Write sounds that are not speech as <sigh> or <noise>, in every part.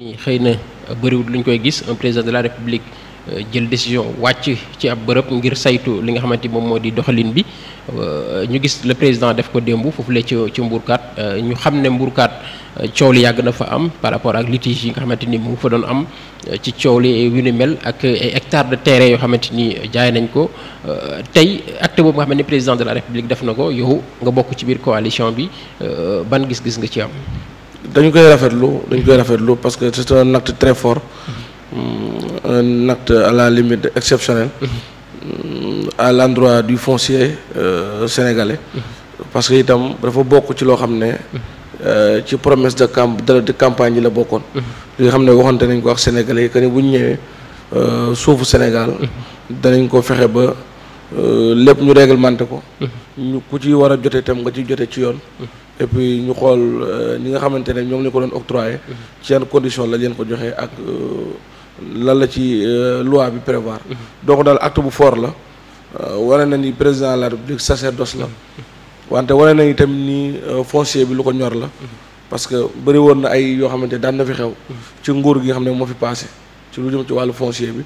nii xëy na bëriwul lu ñu koy gis un président de la république euh, jël décision wàcc ci ab bërëb ngir saytu li nga xamante moom moo di doxalin bi euh, ñu gis le président def ko démb foofu la ci ci mbuurkaat euh, ñu xam ne mbuurkaat coow li yàgg na fa am par rapport ak litige yi nga xamante ni mu fa doon am ci coow li yu mel ak ay hectares de terrain yoo xamante ni jaay nañ ko tey acte boobu nga xam ne président de la république def na ko yow nga bokk ci biir coalition bi ban gis-gis nga ci am. dañu koy rafetlu dañu koy rafetlu parce que c'est un acte très fort mm-hmm. un acte à la limite exceptionnel mm-hmm. à l'endroit du foncier euh, sénégalais mm-hmm. parce que itam dafa bokk ci loo xam ne euh, ci promesse de camp de campagne yi la bokkoon li nga xam ne waxante nañ ko ak sénégalais yi que ni bu ñu ñëwee euh, suufu Sénégal danañ ko fexe ba euh, lépp ñu réglementé ko ku ci war a jotee itam nga ci jote ci yoon et ñu xool euh, ñi nga xamante ne ñoom la ko doon octroyé mm-hmm. ci yan condition la leen ko joxee ak euh, lan la ci euh, loi bi prévoir mm-hmm. donc daal acte bu fort la wane na ni président la république sacerdoce la mm-hmm. wante wane na itam nii foncier bi lu ko ñor la parce que bëri woon na ay yoo xamante daan na fi xew ci nguur gi nga xam ne moo fi passé ci lu jëm ci wàllu foncier bi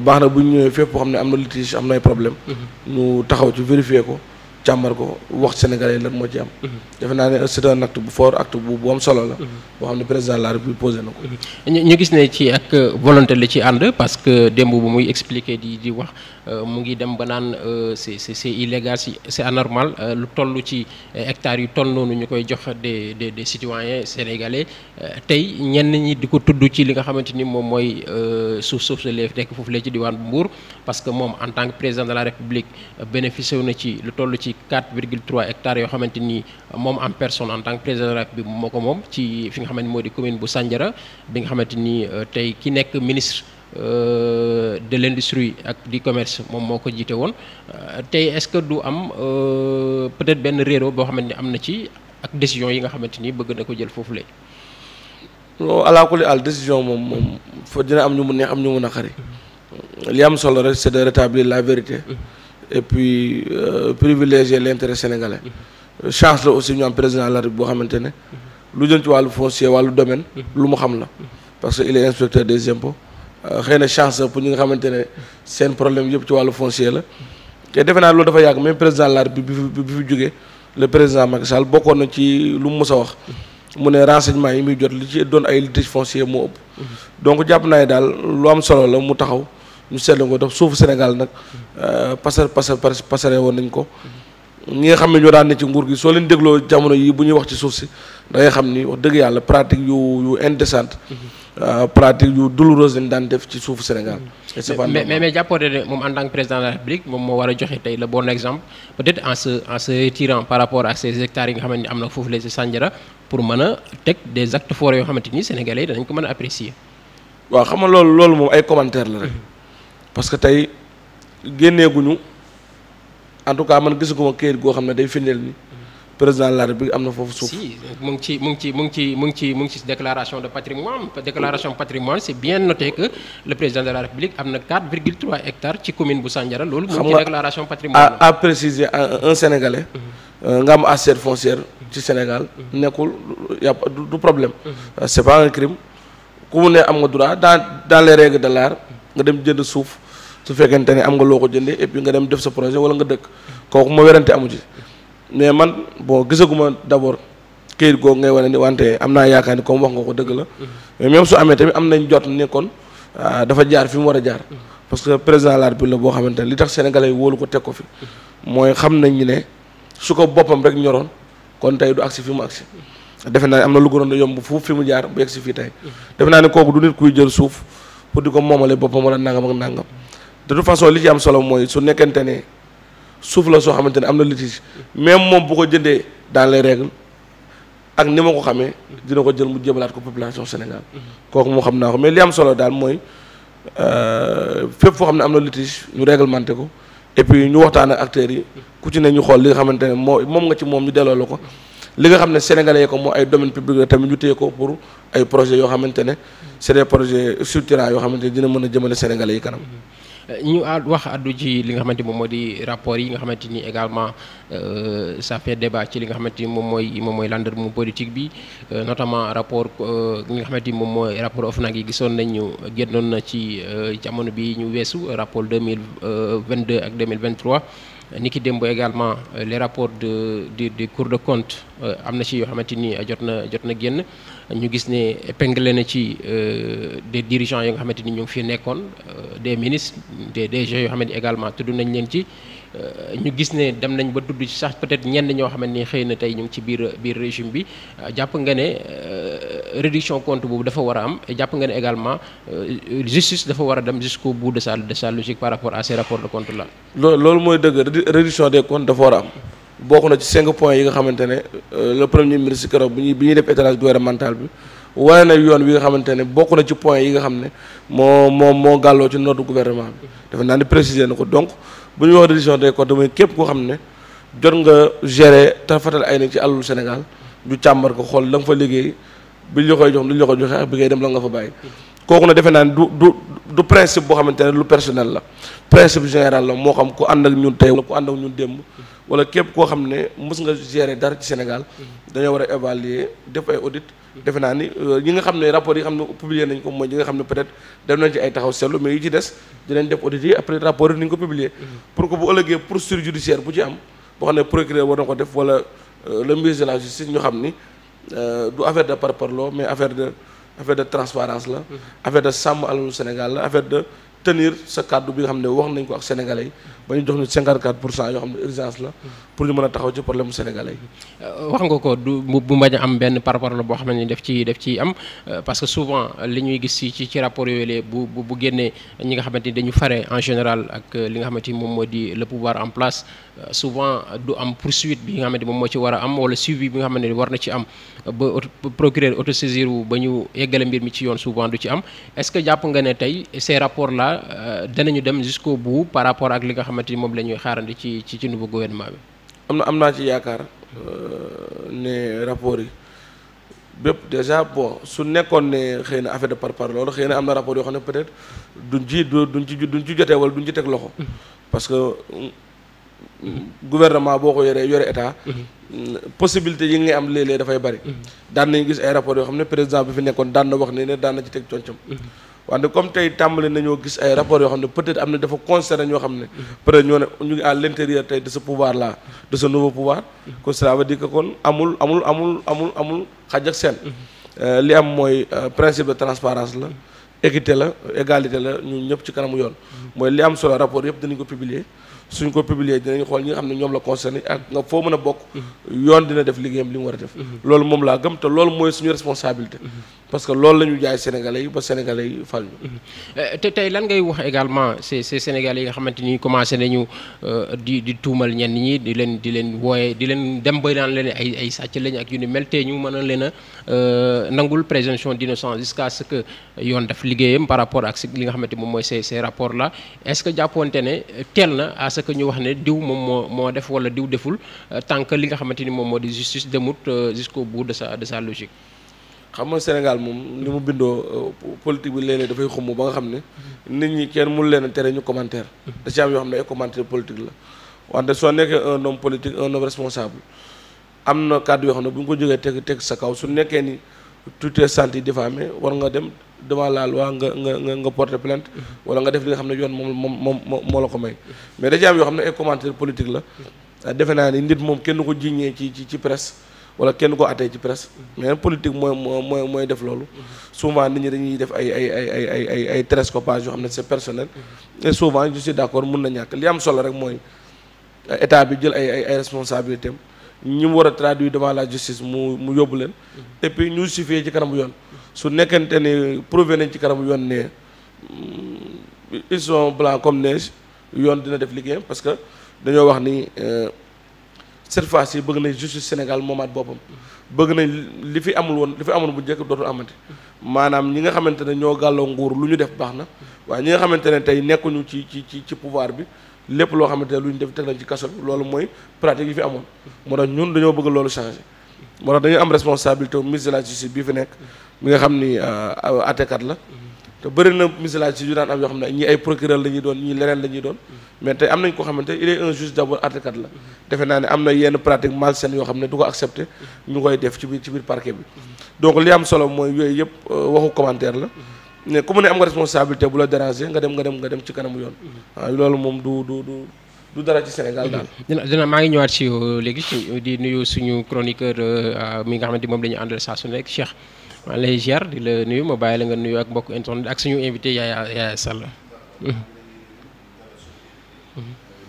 baax na bu ñu ñëwee fépp xam ne am na litige am na ay problème ñu taxaw ci vérifier ko càmbar ko wax sénégalais lan moo ci am. Mhm. defe naa ne c'est un acte bu fort acte bu bu am solo la. Mhm. boo xam ne président de la république posé na ko. Mhm. ñu gis ne ci ak volonté la ci ànd parce que démb bu muy expliquer di di wax euh, mu ngi dem ba naan euh, c'est c'est illégal c'est anormal euh, lu toll ci hectares yu toll noonu ñu koy jox des des des citoyens sénégalais tey ñenn ñi di ko tudd ci li nga xamante ni moom mooy suuf suuf la nekk foofu la ci diwaan bu Mbour parce que moom en tant que président de la république bénéficié wu na ci lu toll ci. ci 4,3 hectares yoo xamante ni moom en personne en tant que président bi moo ko moom ci fi nga xamante moo di commune bu Sandiara bi nga xamante nii euh, tey ki nekk ministre euh, de l'industrie ak di commerce moom moo ko jiite woon euh, tey est-ce que du am peut-être benn réeróo boo xamante ni am na ci ak décision yi nga xamante ni bëgg na ko jël foofu la. non alaakuli àll décision moom moom fa dina am ñu mu neex am ñu a naqari. li am solo rek c'est de rétablir la vérité. Mm-hmm. et puis euh, privilégier l'intérêt sénégalais mm-hmm. chance la aussi ñu am président la boo xamante ne mm-hmm. lu jëm ci wàllu foncier wàllu domaine mm-hmm. lu mu xam la parce que il est inspecteur des impôts euh, xëy na chance pour ñi nga xamante ne seen problème yëpp ci wàllu foncier la te defe naa loolu dafa yàgg même président la République bi bi fi jógee le président Macky Sall bokkoon na ci lu mu mës a wax mu ne renseignement yi muy jot li ci doon ay litige foncier moo ëpp donc jàpp naa daal lu am solo la mu taxaw ñu seetlu ko def suufu Sénégal nag euh, pasar pasar pasare woon nañ ko ñi nga xam ne ñoo daan ne ci nguur gi soo leen dégloo jamono yi bu ñuy wax ci suuf si da xam ni wax dëgg yàlla pratique yu yu indécente euh, pratique yu douloureuse lañ daan def ci suufu Sénégal. mais mais mais jàppoo ne moom en tant président de la République moom moo war a joxe tey le bon exemple peut-être en se en se retirant par rapport ak ces hectares yi nga xamante ni am na foofu les Sandiara pour mën a teg yoo xamante ni sénégalais danañ ko mën a apprécier. waaw loolu loolu moom ay commentaires la rek. parce que tey ñu en tout cas man ko këyit goo xam ne day firndeel ni président de la république am na foofu suuf. mu ngi ci mu ngi ci mu ngi ci mu ngi ci mu ngi ci déclaration de patrimoine déclaration patrimoine c'est bien noté que le président de la république am na 4 virgule 3 ci commune bu Sandiara loolu. mu ngi ci déclaration patrimoine xam nga à à préciser mhm. euh, nga am assiette foncière ci Sénégal. Mhm. nekkul y'a du problème. Mhm. Euh, c'est pas un crime ku mu ne am nga droit dans dans les règles de l'art nga dem jënd suuf. su fekkente ne am nga loo ko jënde et puis nga dem def sa projet wala nga dëkk kooku ma werante amu ci mais man bon gisaguma d'abord këyit googu ngay wane ni wante am naa yaakaar ni comme wax nga ko dëgg la mais même su amee tamit am nañ jot ne ah, dafa jaar fi mu war a jaar parce que président la République boo xamante ne li tax sénégalais yi ko teg ko fi mooy xam nañ ñu ne su ko boppam rek ñoroon kon tey du agsi fi mu agsi defe naa ne am na lu gënoon a yomb foofu fi mu jaar bu egsi defe naa ne kooku du nit kuy jël suuf pour di ko moomale boppam wala nangam ak nàngam de toute façon li ci am solo mooy su nekkente ne suuf la soo xamante ne am na litige même moom bu ko jëndee dans les règles ak ni ma ko xamee dina ko jël mu jébalaat ko population Sénégal kooku moo xam naa ko mais li am solo daal mooy euh, fépp foo xam ne am na litige ñu réglementé ko et puis ñu waxtaan ak acteurs yi ku ci ñu xool li nga xamante ne moo moom nga ci moom ñu delloo ko li nga xam ne sénégalais ko moo ay domaine public la tamit ñu ko pour ay projets yoo xamante ne c'est des projets structurants yoo xamante ne dina mën a jëmale sénégalais yi kanam ñu wax addu ci li nga xamante moom moo di rapport yi nga xamante ni également euh, ça fait débat ci li nga xamante ni moom mooy moom mooy landermu politique bi euh, notamment rapport li euh, nga xamante ni moom mooy rapport OFNAC yi gisoon nañu génnoon na ci jamono bi ñu weesu rapport deux ak 2023 ki démb également euh, les rapport de de des cours de compte euh, am na ci yoo xamante ni jot na jot na génn ñu gis ne épinglé na ci euh, des dirigeants yi nga xamante ni ñu ngi fi nekkoon de ministres des DG yoo xamante ni également tudd nañ leen ci. Euh, ñu gis ne dem nañ ba tudd ci sax peut-être ñenn ñoo xamante ni xëy na tey ñu ci biir biir régime bi euh, jàpp nga ne euh, réduction compte boobu dafa war a am jàpp nga ne également justice dafa war a dem jusqu'au de sa de sa logique par rapport à ces rapports de compte là. loolu mooy dëgg réduction des comptes dafa war am bokk na ci cinq points yi nga xamante ne le premier ministre keroog bi ñuy def étalage gouvernemental bi. wane na yoon wi nga xamante ne bokk na ci point yi nga xam ne moo moo moo gàlloo ci notre gouvernement bi bu ñuy wax réduction des comptes mooy képp koo xam ne jot nga gérer te fatal ay nekk ci àllul Sénégal ñu càmbar ko xool la nga fa liggéey bi ñu jox du ñu joxe ak bi ngay dem la nga fa bàyyi. kooku ne defe naa ne du du du principe boo xamante ne lu personnel la principe général la moo xam ku ànd ak ñun tey ku ànd ak ñun démb. wala képp koo xam ne mës nga gérer dara ci Sénégal dañoo war a évaluer def ay audit defe naa ni euh, ñi nga xam ne rapport yi xam ne publier nañ ko mooy ñi nga xam ne peut-être dem nañ ci ay taxaw seetlu mais yi ci des dinañ def audit yi après rapport yi ni ko publier pour que bu ëllëgee procédure judiciaire bu ci am boo xam ne procureur war na ko def wala euh, le ministre de la justice ñu xam ni euh, du affaire de parparloo mais affaire de affaire de transparence la mmh. affaire de sàmm alalu Sénégal la affaire de tenir sa kàddu bi xam ne wax nañ ko ak sénégalais yi ba ñu jox ñu 54 pour cent yoo xam ne urgence la pour ñu mën a taxaw ci problème sénégalais yi. Euh, wax nga ko du bu mbañ a am benn par rapport la boo xam ne daf ci am euh, parce souvent li ñuy gis ci rapport yooyu bu bu bu génnee ñi nga xamante ni dañu fare en général ak euh, li nga xamante ni moom moo di le pouvoir en place souvent du am poursuite bi nga xamante ni moom moo ci war a am wala suivi bi nga xamante ni war na ci am ba procureur autosaisir wu ba mi ci yoon souvent du ci am est-ce que jàpp xamante ni moom la ñuy di ci ci ci nouveau gouvernement bi. am na am naa ci yaakaar euh, ne rapport yi bépp déjà bon su nekkoon ne xëy na affaire de par par loolu xëy na am na rapport yoo xam ne peut-être duñ ci duñ ci duñ ci jotee wala duñ ci teg loxo. Mm-hmm. parce que mm-hmm, gouvernement boo ko yoree yore état. Mm-hmm. Mm, possibilité yi am léeg-léeg dafay bari. daan nañ gis ay rapport yoo xam ne président bi fi nekkoon daan na wax ne ne daan na ci teg concam. wante comme tey tàmbali nañoo gis ay rapports yoo xam ne peut-être am na dafa concerné ñoo xam ne peut ñoo ne ñu ngi à l'intérieur tey de ce pouvoir là de ce nouveau pouvoir kon cela veut kon amul amul amul amul amul xaj ak seen euh, li am mooy euh, principe de transparence la équité la égalité la ñu ñëpp ci kanamu yoon mooy li am solo rapport yëpp dinañ ko publier suñ ko publier dinañ xool ñi nga xam ne ñoom la concerné ak nga foo mën a bokk yoon dina def liggéeyam li mu war a def mhm. loolu moom laa gëm te loolu mooy suñu responsabilité mhm. parce que loolu la ñu jaay sénégalais yi ba sénégalais yi fal ñu mhm. euh, te tey lan ngay wax également ces ces yi nga xamante ni commencé nañu euh, di di tuumal ñenn ñi di leen di leen wooye di leen dem bay ay ay sàcc lañ ak yu ni mel te ñu mën a leen a euh, nangul présomption d'innocence jusqu'à ce que yoon def liggéeyam par rapport ak li nga xamante moom mooy ces ces rapports est-ce que jàppoonte ne teel na que ñu wax ne diw moom moo moo def wala diw deful euh, tant que li nga xamante ni moom moo di justice demut euh, jusqu'au bout de sa de sa logique. xam nga Sénégal moom li mu bindoo euh, politique bi léeg-léeg dafay xumb ba nga xam a commentaire da ci am yoo xam ne ay commentaire politique la wante soo nekkee un homme politique un homme responsable am na kàddu yoo xam ne bu ñu ko jógee teg teg sa kaw su nekkee ni tu te senti diffamé war nga dem devant la loi nga nga nga nga porter plainte wala nga def li nga xam ne yoon moom moom moom moo la ko may mais da ci am yoo xam ne ay commentaire politique la ah, defe naa ni nit moom kenn ko jiiñee ci ci ci presse wala kenn ko atee ci presse mais politique mooy mooy mooy def loolu souvent nit ñi dañuy def ay ay ay ay ay ay ay télescopage yoo xam ne c'est personnel et souvent je suis d'accord mun na ñàkk li am solo rek mooy état bi jël ay ay ay responsabilités am ñi mu war a traduire devant la justice mu mu yóbbu leen et puis ñu justifier ci kanamu yoon su nekkente ni prouvé nañ ci kanam yoon ne mm, ils sont blancs comme neige yoon dina def liggéey parce que dañoo wax ni euh, cette fois ci bëgg na justice Sénégal moomaat boppam bëgg nañ li fi amul woon li fi amoon bu njëkk dootu amati maanaam ñi nga xamante ne ñoo gàlloo nguur lu ñu def baax na waaye ñi nga xamante ne tey nekkuñu ci ci ci ci pouvoir bi lépp loo xamante ne lu ñu def teg nañ ci kaso bi loolu mooy pratique yi fi amoon moo tax ñun dañoo bëgg loolu changer moo tax am responsabilité ministre de la justice fi nekk mi nga xam ni àttekat euh, la te bëri na ministre de la justice yu daan am yoo xam ne ñi ay procureur la ñuy doon ñi leneen la ñuy doon mais tey am nañ ko xamante il est un juge d'abord àttekat la defe naa ne am na yenn pratique malsaine yoo xam ne du ko accepté ñu koy def ci biir ci biir parquet bi donc li am solo mooy yooyu yëpp euh, waxu commentaire la mais ku mu ne am nga responsabilité bu la déranger nga dem nga dem nga dem ci kanamu yoon waaw loolu moom du du du dara ci Sénégal daal. dina dina maa ngi ñëwaat si léegi di nuyu suñu chroniqueur euh, mi nga xamante moom la ñu saa suñ nekk Cheikh maa lay ziar di la nuyu ma bàyyi la nga nuyu ak mbokk internet ak suñu invité Yaya Yaya Sall. <laughs>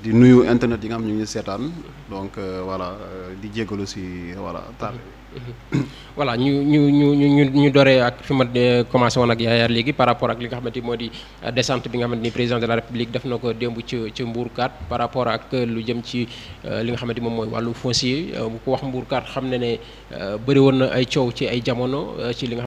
di nuyu internet yi nga xam ñu ngi seetaan donc euh, voilà euh, di jégalu si voilà tardé <coughs> voilà ñu ñu ñu ñu ñu doree ak fi ma euh, commencé woon ak yaayaar léegi par rapport ak li nga xamante ni moo di descente bi nga xamante ni président de la république def na ko démb ci ci Mbourkat par rapport ak lu jëm ci li nga xamante moom mooy wàllu foncier bu ko wax mbuur Mbourkat xam ne ne bëri woon na ay coow ci ay jamono ci li nga